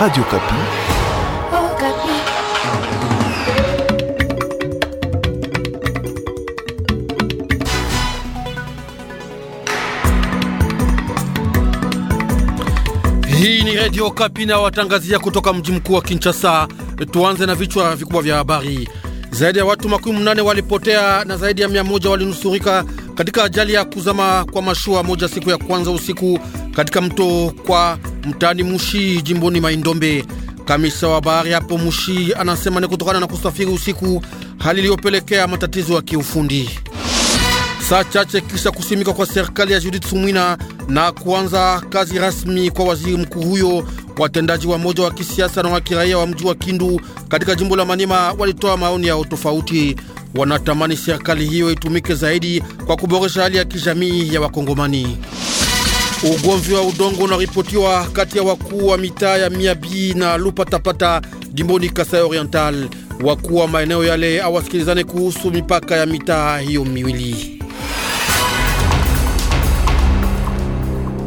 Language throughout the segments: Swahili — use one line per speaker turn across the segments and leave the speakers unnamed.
Radio Kapi. Oh,
Kapi.
Hii ni Radio Kapi na watangazia kutoka mji mkuu wa Kinshasa. Tuanze na vichwa vikubwa vya habari. Zaidi ya watu makumi mnane walipotea na zaidi ya mia moja walinusurika katika ajali ya kuzama kwa mashua moja siku ya kwanza usiku katika mto kwa mtani Mushi jimboni Maindombe. Kamisa wa bahari hapo Mushi anasema ni kutokana na kusafiri usiku, hali iliyopelekea matatizo ya kiufundi. Saa chache kisha kusimika kwa serikali ya Judith Sumwina na kuanza kazi rasmi kwa waziri mkuu huyo, watendaji wa moja wa kisiasa na wa kiraia wa mji wa Kindu katika jimbo la manima walitoa maoni yao tofauti. Wanatamani serikali hiyo itumike zaidi kwa kuboresha hali ya kijamii ya Wakongomani. Ugomvi wa udongo unaripotiwa kati ya wakuu wa mitaa ya Miabi na Lupatapata jimboni Kasai Oriental. Wakuu wa maeneo yale awasikilizane kuhusu mipaka ya mitaa hiyo miwili.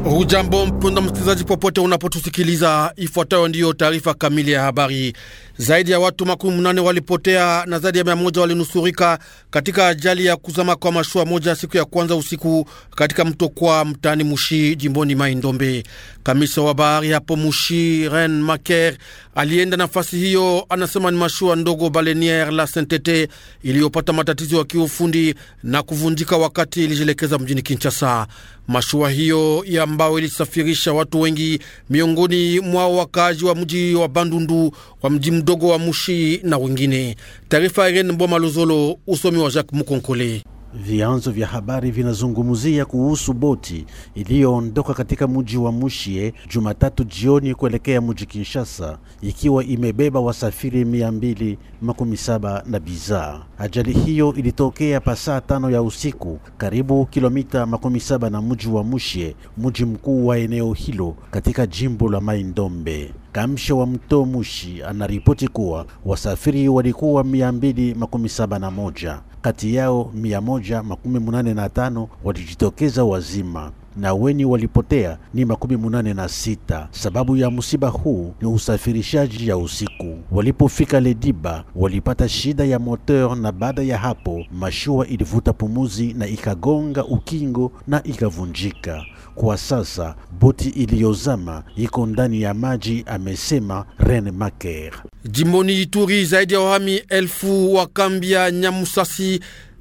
Hujambo mpenda msikilizaji, popote unapotusikiliza, ifuatayo ndiyo taarifa kamili ya habari. Zaidi ya watu makumi mnane walipotea na zaidi ya mia moja walinusurika katika ajali ya kuzama kwa mashua moja siku ya kwanza usiku katika mto kwa mtaani Mushi jimboni Mai Ndombe. Kamisa wa bahari hapo Mushi Ren Maker alienda nafasi hiyo, anasema ni mashua ndogo baleniere la Sentete iliyopata matatizo ya kiufundi na kuvunjika wakati ilijielekeza mjini Kinshasa. Mashua hiyo ya mbao ilisafirisha watu wengi, miongoni mwao wakaaji wa mji wa Bandundu wa mji mdogo wa Mushi na wengine. Taarifa Irene Mboma Luzolo, usomi wa Jacques Mukonkole. Vyanzo
vya habari vinazungumzia kuhusu boti iliyoondoka katika mji wa Mushie Jumatatu jioni kuelekea mji Kinshasa ikiwa imebeba wasafiri 217 na bidhaa. Ajali hiyo ilitokea pasaa tano ya usiku karibu kilomita 17 na mji wa Mushie, mji mkuu wa eneo hilo katika jimbo la maindombe Mtamsha wa mto Mushi anaripoti kuwa wasafiri walikuwa 271, kati yao 185 walijitokeza wazima na weni walipotea ni makumi munane na sita. Sababu ya msiba huu ni usafirishaji ya usiku. Walipofika Lediba walipata shida ya moteur, na baada ya hapo mashua ilivuta pumuzi na ikagonga ukingo na ikavunjika. Kwa sasa boti iliyozama iko ndani ya maji, amesema Ren Maker.
Jimboni Ituri, zaidi ya wahami elfu wa kambi ya Nyamusasi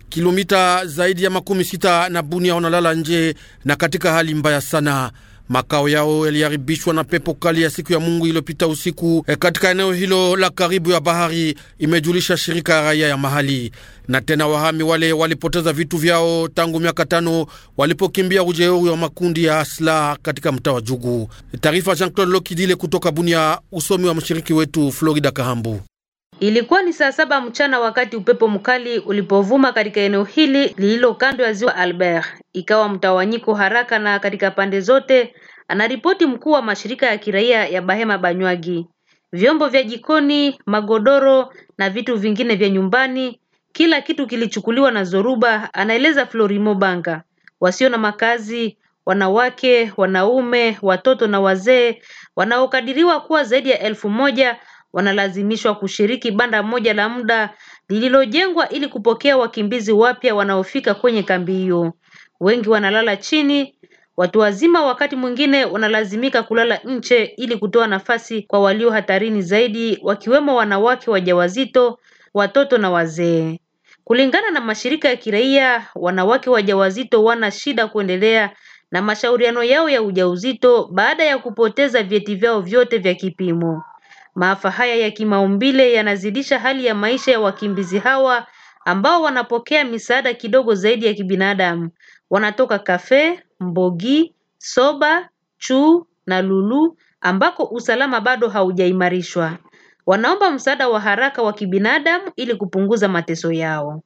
kilomita zaidi ya makumi sita na Bunia wanalala nje na katika hali mbaya sana. Makao yao yaliharibishwa na pepo kali ya siku ya Mungu iliyopita usiku e, katika eneo hilo la karibu ya bahari, imejulisha shirika ya raia ya mahali. Na tena wahami wale walipoteza vitu vyao tangu miaka tano walipokimbia ujeuri wa makundi ya silaha katika mtaa wa Jugu. Taarifa Jean Claude Lokidile kutoka Bunia, usomi wa mshiriki wetu Florida Kahambu.
Ilikuwa ni saa saba mchana wakati upepo mkali ulipovuma katika eneo hili lililo kando ya ziwa Albert. Ikawa mtawanyiko haraka na katika pande zote, anaripoti mkuu wa mashirika ya kiraia ya Bahema Banywagi. Vyombo vya jikoni, magodoro na vitu vingine vya nyumbani, kila kitu kilichukuliwa na zoruba, anaeleza Florimo Banga. Wasio na makazi, wanawake, wanaume, watoto na wazee wanaokadiriwa kuwa zaidi ya elfu moja wanalazimishwa kushiriki banda moja la muda lililojengwa ili kupokea wakimbizi wapya wanaofika kwenye kambi hiyo. Wengi wanalala chini, watu wazima wakati mwingine wanalazimika kulala nje ili kutoa nafasi kwa walio hatarini zaidi wakiwemo wanawake wajawazito, watoto na wazee. Kulingana na mashirika ya kiraia, wanawake wajawazito wana shida kuendelea na mashauriano yao ya ujauzito baada ya kupoteza vyeti vyao vyote vya kipimo. Maafa haya ya kimaumbile yanazidisha hali ya maisha ya wakimbizi hawa ambao wanapokea misaada kidogo zaidi ya kibinadamu. Wanatoka kafe Mbogi, Soba, Chuu na Lulu ambako usalama bado haujaimarishwa. Wanaomba msaada wa haraka wa kibinadamu ili kupunguza mateso yao.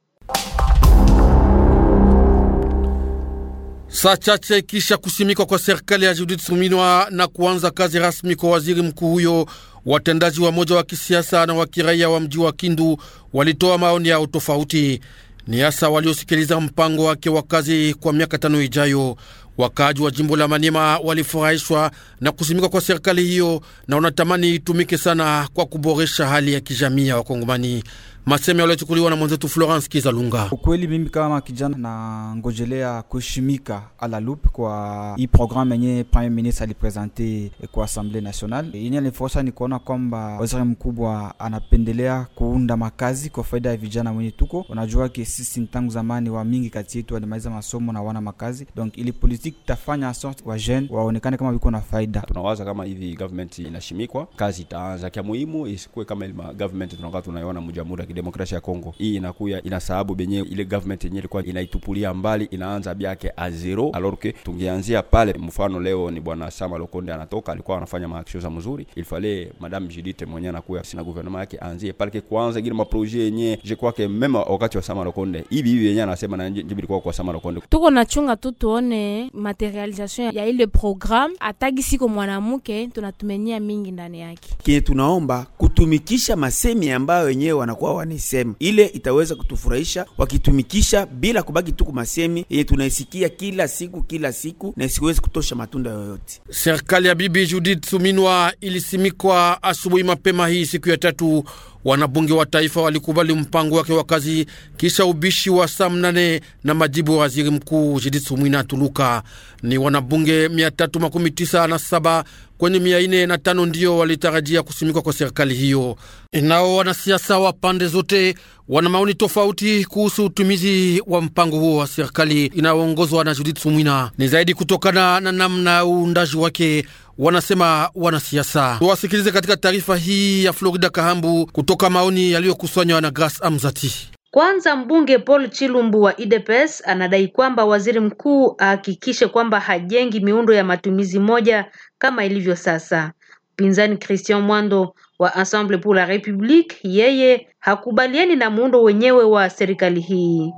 Saa chache kisha kusimikwa kwa serikali ya Judith Suminwa na kuanza kazi rasmi kwa waziri mkuu huyo watendaji wa moja wa kisiasa na wa kiraia wa mji wa Kindu walitoa maoni yao tofauti. Ni hasa waliosikiliza mpango wake wa kazi kwa miaka tano ijayo. Wakaaji wa jimbo la manema walifurahishwa na kusimika kwa serikali hiyo na wanatamani itumike sana kwa kuboresha hali ya kijamii ya Wakongomani. Maseme yaliyochukuliwa na
mwenzetu Florence Kizalunga. Ukweli mimi kama kijana na ngojelea kushimika ala kwa hii programme yenye premier ministre aliprezente kwa assemblée nationale. Yenye alifurahisha ni kuona kwamba waziri mkubwa anapendelea kuunda makazi kwa faida ya vijana wenye tuko. Unajua ke sisi tangu zamani wa mingi kati yetu walimaliza masomo na wana makazi, donc ili politique tafanya sorte wa jeune waonekane kama wiko na faida.
Tunawaza kama hivi government inashimikwa kazi itaanza, kya muhimu isikuwe kama ile government tunakaa tunaiona mjamhuri kidemokrasia ya Kongo. Hii inakuya sababu benye ile government yenyewe ilikuwa inaitupulia mbali, inaanza biake a zero, alors que tungeanzia pale. Mfano leo ni bwana Sama Lokonde anatoka, alikuwa anafanya maaction za mzuri, ilifale madame Judith mwenyewe anakuya sina gouvernement yake anzie pale kwanza gile maprojet yenyewe je ke mema wakati wa Sama Lokonde hivi hivi yenyewe anasema na njibu bilikuwa kwa Sama Lokonde.
Tuko na chunga tu tuone materialisation ya ile program atagi siko mwanamke tunatumenia mingi ndani yake.
Kile tunaomba kutumikisha masemi ambayo wenyewe wanakuwa wanaisema, ile itaweza kutufurahisha wakitumikisha bila kubaki tu kumasemi
yenye tunaisikia kila siku kila
siku na isiwezi kutosha matunda yoyote.
Serikali ya Bibi Judith Suminwa ilisimikwa asubuhi mapema hii siku ya tatu Wanabunge wa taifa walikubali mpango wake wa kazi kisha ubishi wa saa mnane na majibu ya waziri mkuu Jidithu Mwina Tuluka. Ni wanabunge 397 kwenye 405 ndiyo walitarajia kusimikwa kwa serikali hiyo. Nao wanasiasa wa pande zote wana maoni tofauti kuhusu utumizi wa mpango huo wa serikali inayoongozwa na Judith Sumwina. ni zaidi kutokana na namna uundaji wake wanasema wanasiasa. Tuwasikilize katika taarifa hii ya Florida Kahambu kutoka maoni yaliyokusanywa na gras Amzati.
Kwanza mbunge Paul Chilumbu wa UDPS anadai kwamba waziri mkuu ahakikishe kwamba hajengi miundo ya matumizi moja kama ilivyo sasa. Mpinzani Christian Mwando wa Ensemble pour la republike yeye hakubaliani na muundo wenyewe wa serikali hii.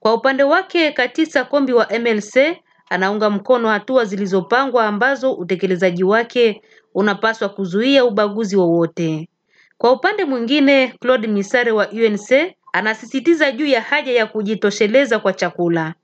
Kwa upande wake Katisa Kombi wa MLC anaunga mkono hatua zilizopangwa ambazo utekelezaji wake unapaswa kuzuia ubaguzi wowote. Kwa upande mwingine, Claude Misare wa UNC anasisitiza juu ya haja ya kujitosheleza kwa chakula.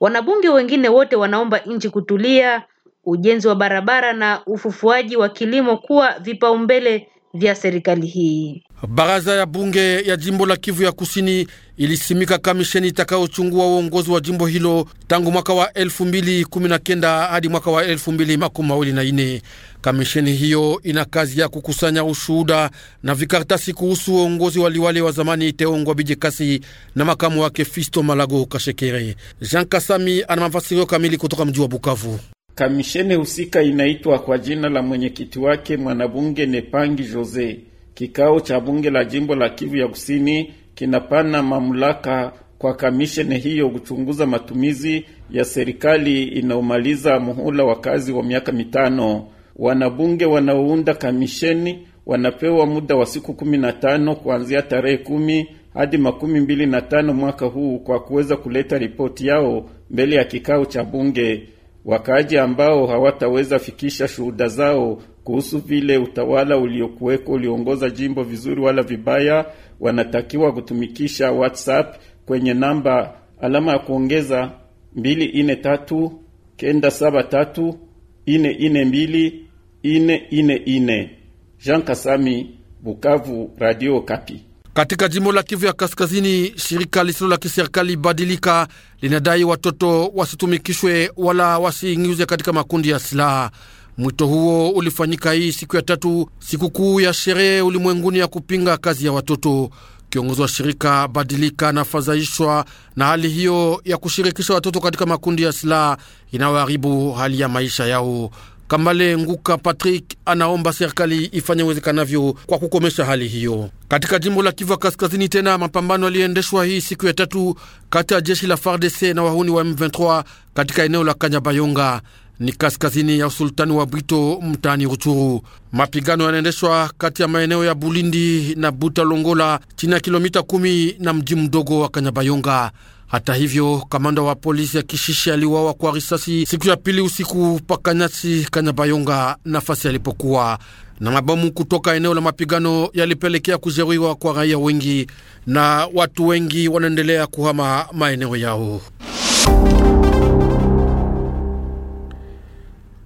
Wanabunge wengine wote wanaomba nchi kutulia, ujenzi wa barabara na ufufuaji wa kilimo kuwa vipaumbele vya serikali hii.
Baraza ya bunge ya jimbo la Kivu ya Kusini ilisimika kamisheni itakayochungua uongozi wa jimbo hilo tangu mwaka wa 2019 hadi mwaka wa 2024. Kamisheni hiyo ina kazi ya kukusanya ushuhuda na vikaratasi kuhusu uongozi wa liwali wa zamani Teongwa Bijekasi na makamu wake Fisto Malago Kashekere. Jean Kasami ana mafasirio kamili kutoka mji wa Bukavu.
Kamisheni husika inaitwa kwa jina la mwenyekiti wake mwanabunge Nepangi Jose. Kikao cha bunge la jimbo la Kivu ya Kusini kinapana mamlaka kwa kamisheni hiyo kuchunguza matumizi ya serikali inaomaliza muhula wa kazi wa miaka mitano. Wanabunge wanaounda kamisheni wanapewa muda wa siku 15 kuanzia tarehe kumi hadi makumi mbili na tano mwaka huu kwa kuweza kuleta ripoti yao mbele ya kikao cha bunge wakaaji ambao hawataweza fikisha shuhuda zao kuhusu vile utawala uliokuweko uliongoza jimbo vizuri wala vibaya, wanatakiwa kutumikisha WhatsApp kwenye namba alama ya kuongeza 243 973 442 444. Jean Kasami, Bukavu, Radio Kapi.
Katika jimbo la Kivu ya Kaskazini, shirika lisilo la kiserikali Badilika linadai watoto wasitumikishwe wala wasiingize katika makundi ya silaha. Mwito huo ulifanyika hii siku ya tatu, sikukuu ya sherehe ulimwenguni ya kupinga kazi ya watoto. Kiongozi wa shirika Badilika anafadhaishwa na hali hiyo ya kushirikisha watoto katika makundi ya silaha inayoharibu hali ya maisha yao. Kambale Nguka Patrick anaomba serikali ifanye uwezekanavyo kwa kukomesha hali hiyo. Katika jimbo la Kivu Kaskazini, tena mapambano yaliendeshwa hii siku ya tatu kati ya jeshi la FARDC na wahuni wa M23 katika eneo la Kanyabayonga ni kaskazini ya usultani wa Bwito mtaani Ruchuru. Mapigano yanaendeshwa kati ya maeneo ya Bulindi na Buta Longola chini ya kilomita kumi na mji mdogo wa Kanyabayonga. Hata hivyo, kamanda wa polisi ya Kishishi aliwawa kwa risasi siku ya pili usiku pakanyasi Kanyabayonga, nafasi alipokuwa na mabomu kutoka eneo la mapigano yalipelekea kujeruhiwa kwa raia wengi na watu wengi wanaendelea kuhama maeneo yao.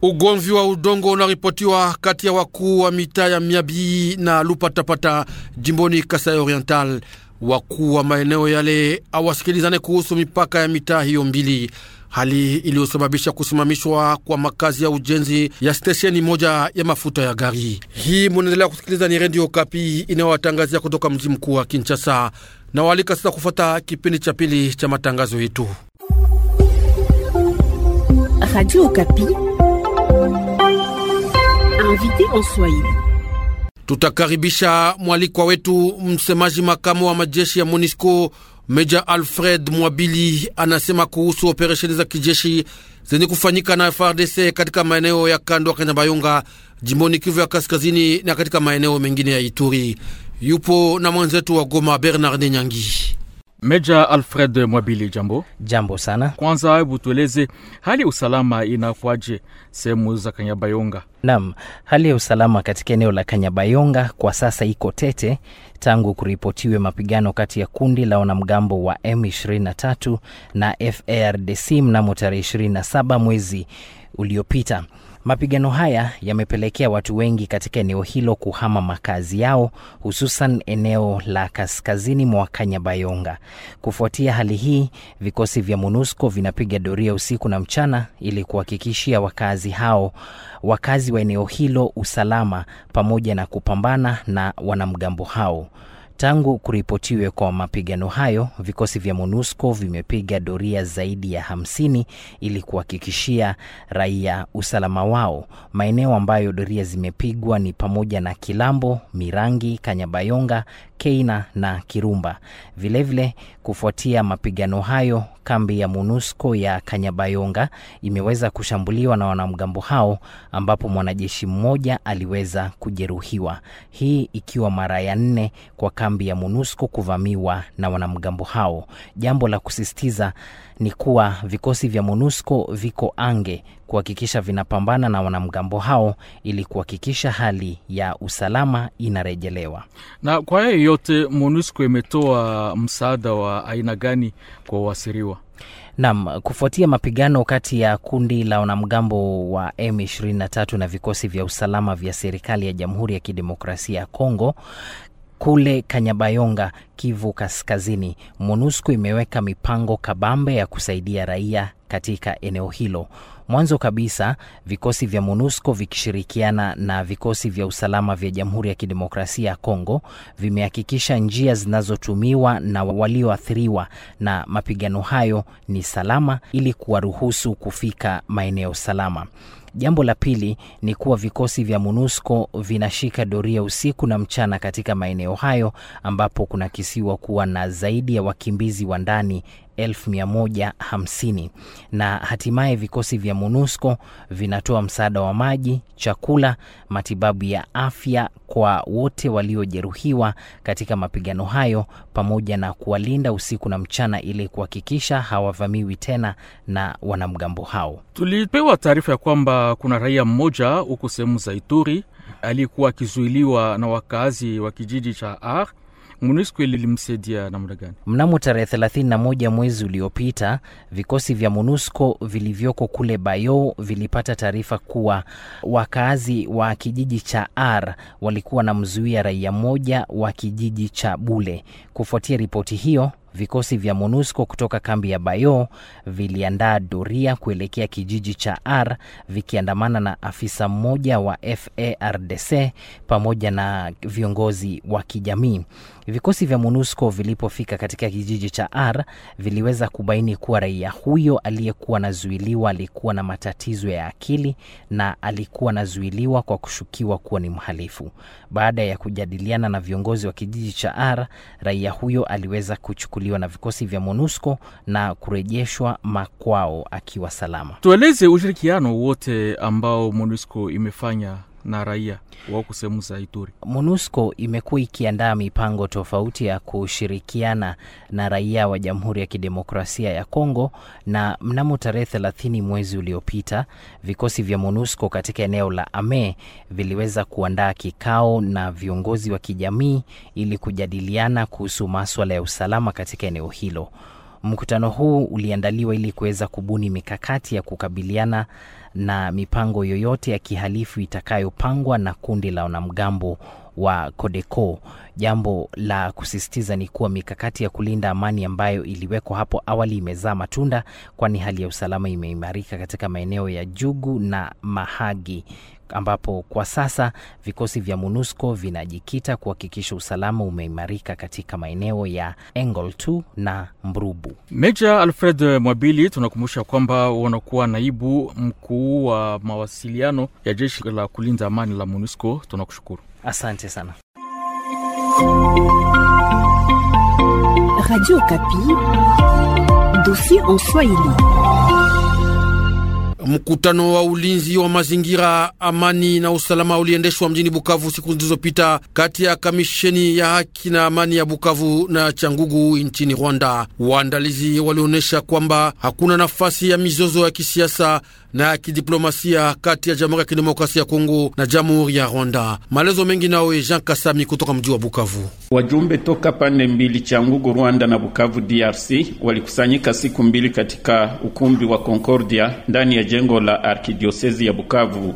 Ugomvi wa udongo unaripotiwa kati ya wakuu wa mitaa ya Miabii na Lupatapata jimboni Kasai Oriental wakuu wa maeneo yale awasikilizane kuhusu mipaka ya mitaa hiyo mbili, hali iliyosababisha kusimamishwa kwa makazi ya ujenzi ya stesheni moja ya mafuta ya gari. Hii munaendelea kusikiliza, ni Redio Kapi inayowatangazia kutoka mji mkuu wa Kinshasa na waalika sasa kufuata kipindi cha pili cha matangazo yetu
Radio Kapi.
Tutakaribisha mwalikwa wetu msemaji makamu wa majeshi ya MONUSCO Meja Alfred Mwabili anasema kuhusu operesheni za kijeshi zenye kufanyika na frdc katika maeneo ya kando ya Kanyabayonga jimboni Kivu ya kaskazini na katika maeneo mengine ya Ituri. Yupo na mwenzetu wa Goma
Bernard Nyangi. Meja Alfred Mwabili, jambo. Jambo sana. Kwanza hebu tueleze
hali ya usalama inakuwaje sehemu za Kanyabayonga? Naam, hali ya usalama katika eneo la Kanyabayonga kwa sasa iko tete tangu kuripotiwe mapigano kati ya kundi la wanamgambo wa M23 na FARDC mnamo tarehe 27 mwezi uliopita. Mapigano haya yamepelekea watu wengi katika eneo hilo kuhama makazi yao, hususan eneo la kaskazini mwa Kanyabayonga. Kufuatia hali hii, vikosi vya MONUSCO vinapiga doria usiku na mchana ili kuhakikishia wakazi hao, wakazi wa eneo hilo usalama pamoja na kupambana na wanamgambo hao. Tangu kuripotiwe kwa mapigano hayo, vikosi vya MONUSCO vimepiga doria zaidi ya hamsini ili kuhakikishia raia usalama wao. Maeneo ambayo doria zimepigwa ni pamoja na Kilambo, Mirangi, Kanyabayonga, Keina na Kirumba. Vilevile vile, kufuatia mapigano hayo, kambi ya MONUSCO ya Kanyabayonga imeweza kushambuliwa na wanamgambo hao ambapo mwanajeshi mmoja aliweza kujeruhiwa, hii ikiwa mara ya nne kwa kambi kambi ya MONUSCO kuvamiwa na wanamgambo hao. Jambo la kusisitiza ni kuwa vikosi vya MONUSCO viko ange kuhakikisha vinapambana na wanamgambo hao ili kuhakikisha hali ya usalama inarejelewa.
Na kwa hayo yote, MONUSCO
imetoa msaada wa aina gani kwa uasiriwa Nam, kufuatia mapigano kati ya kundi la wanamgambo wa M23 na vikosi vya usalama vya serikali ya Jamhuri ya Kidemokrasia ya Kongo, kule Kanyabayonga, Kivu Kaskazini, MONUSCO imeweka mipango kabambe ya kusaidia raia katika eneo hilo. Mwanzo kabisa vikosi vya MONUSCO vikishirikiana na vikosi vya usalama vya Jamhuri ya Kidemokrasia ya Kongo vimehakikisha njia zinazotumiwa na walioathiriwa na mapigano hayo ni salama ili kuwaruhusu kufika maeneo salama. Jambo la pili ni kuwa vikosi vya MONUSCO vinashika doria usiku na mchana katika maeneo hayo ambapo kunakisiwa kuwa na zaidi ya wakimbizi wa ndani 150 na hatimaye vikosi vya MONUSCO vinatoa msaada wa maji, chakula, matibabu ya afya kwa wote waliojeruhiwa katika mapigano hayo pamoja na kuwalinda usiku na mchana ili kuhakikisha hawavamiwi tena na wanamgambo hao.
Tulipewa taarifa ya kwamba kuna raia mmoja huko sehemu za Ituri aliyekuwa akizuiliwa na wakazi wa kijiji cha Ar MONUSCO ilimsaidia namna gani?
Mnamo tarehe 31 mwezi uliopita, vikosi vya MONUSCO vilivyoko kule Bayo vilipata taarifa kuwa wakazi wa kijiji cha R walikuwa na mzuia raia moja wa kijiji cha Bule. Kufuatia ripoti hiyo Vikosi vya MONUSCO kutoka kambi ya Bayo viliandaa doria kuelekea kijiji cha R vikiandamana na afisa mmoja wa FARDC pamoja na viongozi wa kijamii. Vikosi vya MONUSCO vilipofika katika kijiji cha R viliweza kubaini kuwa raia huyo aliyekuwa anazuiliwa alikuwa na matatizo ya akili na alikuwa anazuiliwa kwa kushukiwa kuwa ni mhalifu. Baada ya kujadiliana na viongozi wa kijiji cha R, raia huyo aliweza kuchukuliwa na vikosi vya MONUSCO na kurejeshwa makwao akiwa salama.
Tueleze ushirikiano wote ambao MONUSCO imefanya na
raia wako sehemu za Ituri. MONUSCO imekuwa ikiandaa mipango tofauti ya kushirikiana na raia wa Jamhuri ya Kidemokrasia ya Kongo, na mnamo tarehe thelathini mwezi uliopita vikosi vya MONUSCO katika eneo la Ame viliweza kuandaa kikao na viongozi wa kijamii ili kujadiliana kuhusu maswala ya usalama katika eneo hilo. Mkutano huu uliandaliwa ili kuweza kubuni mikakati ya kukabiliana na mipango yoyote ya kihalifu itakayopangwa na kundi la wanamgambo wa Codeco. Jambo la kusisitiza ni kuwa mikakati ya kulinda amani ambayo iliwekwa hapo awali imezaa matunda, kwani hali ya usalama imeimarika katika maeneo ya Jugu na Mahagi ambapo kwa sasa vikosi vya MONUSCO vinajikita kuhakikisha usalama umeimarika katika maeneo ya Engol 2 na Mbrubu.
Meja Alfred Mwabili, tunakumbusha kwamba wanakuwa naibu mkuu wa mawasiliano ya jeshi la kulinda amani la MONUSCO. Tunakushukuru, asante sana.
Radio Kapi, dossier en Swahili.
Mkutano wa ulinzi wa mazingira, amani na usalama uliendeshwa mjini Bukavu siku zilizopita kati ya kamisheni ya haki na amani ya Bukavu na Changugu nchini Rwanda. Waandalizi walionyesha kwamba hakuna nafasi ya mizozo ya kisiasa na ya kidiplomasia kati ya Jamhuri ya Kidemokrasia ya Kongo na Jamhuri ya Rwanda. Maelezo mengi nawe Jean Kasami kutoka mji wa Bukavu.
Wajumbe toka pande mbili Changugu Rwanda na Bukavu DRC walikusanyika siku mbili katika ukumbi wa Concordia ndani ya jengo la arkidiosezi ya Bukavu.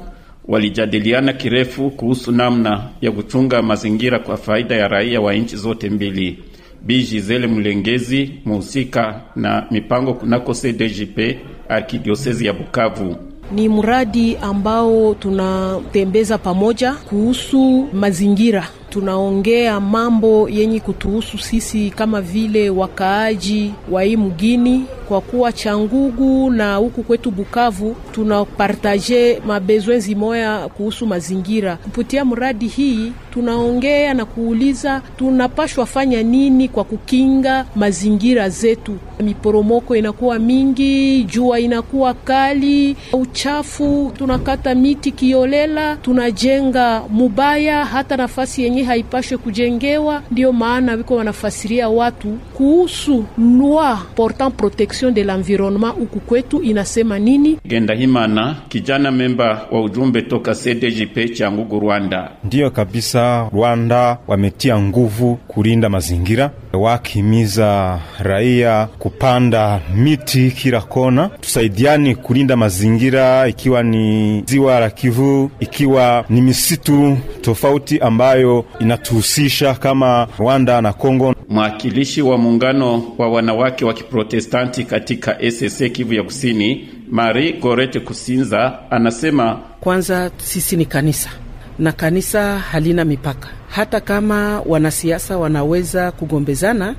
Walijadiliana kirefu kuhusu namna ya kuchunga mazingira kwa faida ya raia wa nchi zote mbili. Bi Gisele Mlengezi, muhusika na mipango kunako cdgp arkidiosezi ya Bukavu.
Ni mradi ambao tunatembeza pamoja kuhusu mazingira tunaongea mambo yenye kutuhusu sisi kama vile wakaaji wa hii mgini, kwa kuwa Changugu na huku kwetu Bukavu tunapartaje mabezwezi moya kuhusu mazingira. Kupitia mradi hii tunaongea na kuuliza tunapashwa fanya nini kwa kukinga mazingira zetu. Miporomoko inakuwa mingi, jua inakuwa kali, uchafu, tunakata miti kiolela, tunajenga mubaya hata nafasi yenye haipashe kujengewa. Ndio maana wiko wanafasiria watu kuhusu loi portant protection de l'environnement huku kwetu inasema nini.
genda himana kijana memba wa ujumbe toka cdgp Changugu Rwanda. Ndiyo kabisa, Rwanda wametia nguvu kulinda mazingira wakimiza raia kupanda miti kila kona, tusaidiani kulinda mazingira, ikiwa ni ziwa la Kivu, ikiwa ni misitu tofauti ambayo inatuhusisha kama Rwanda na Kongo. Mwakilishi wa muungano wa wanawake wa Kiprotestanti katika ECC Kivu ya Kusini, Marie Gorete Kusinza, anasema kwanza, sisi ni kanisa na kanisa halina mipaka. Hata kama wanasiasa wanaweza kugombezana,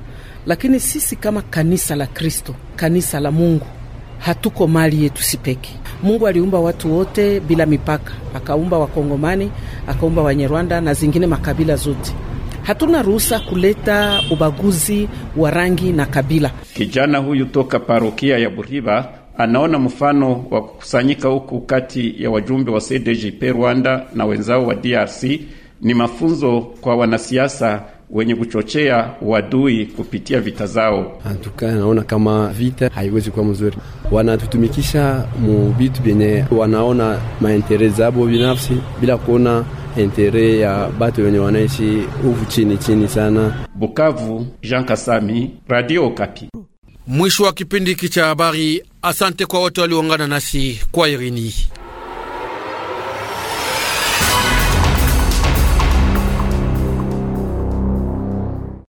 lakini sisi kama kanisa la Kristo, kanisa la Mungu, hatuko mali yetu sipeki. Mungu aliumba watu wote bila mipaka, akaumba Wakongomani, akaumba Wanyarwanda na zingine makabila zote. Hatuna ruhusa kuleta ubaguzi wa rangi na kabila. Kijana huyu toka parokia ya Buriba anaona mfano wa kukusanyika huku kati ya wajumbe wa cdgp Rwanda na wenzao wa DRC ni mafunzo kwa wanasiasa wenye kuchochea wadui
kupitia vita zao. Antuka naona kama vita haiwezi kuwa mzuri, wanatutumikisha mu vitu vyenye wanaona maentere zabo binafsi bila kuona entere ya batu wenye wanaishi huvu chini chini sana. Bukavu,
Jean Kasami, Radio Okapi.
Mwisho wa kipindi hiki cha habari. Asante kwa wote walioungana nasi kwa Irini.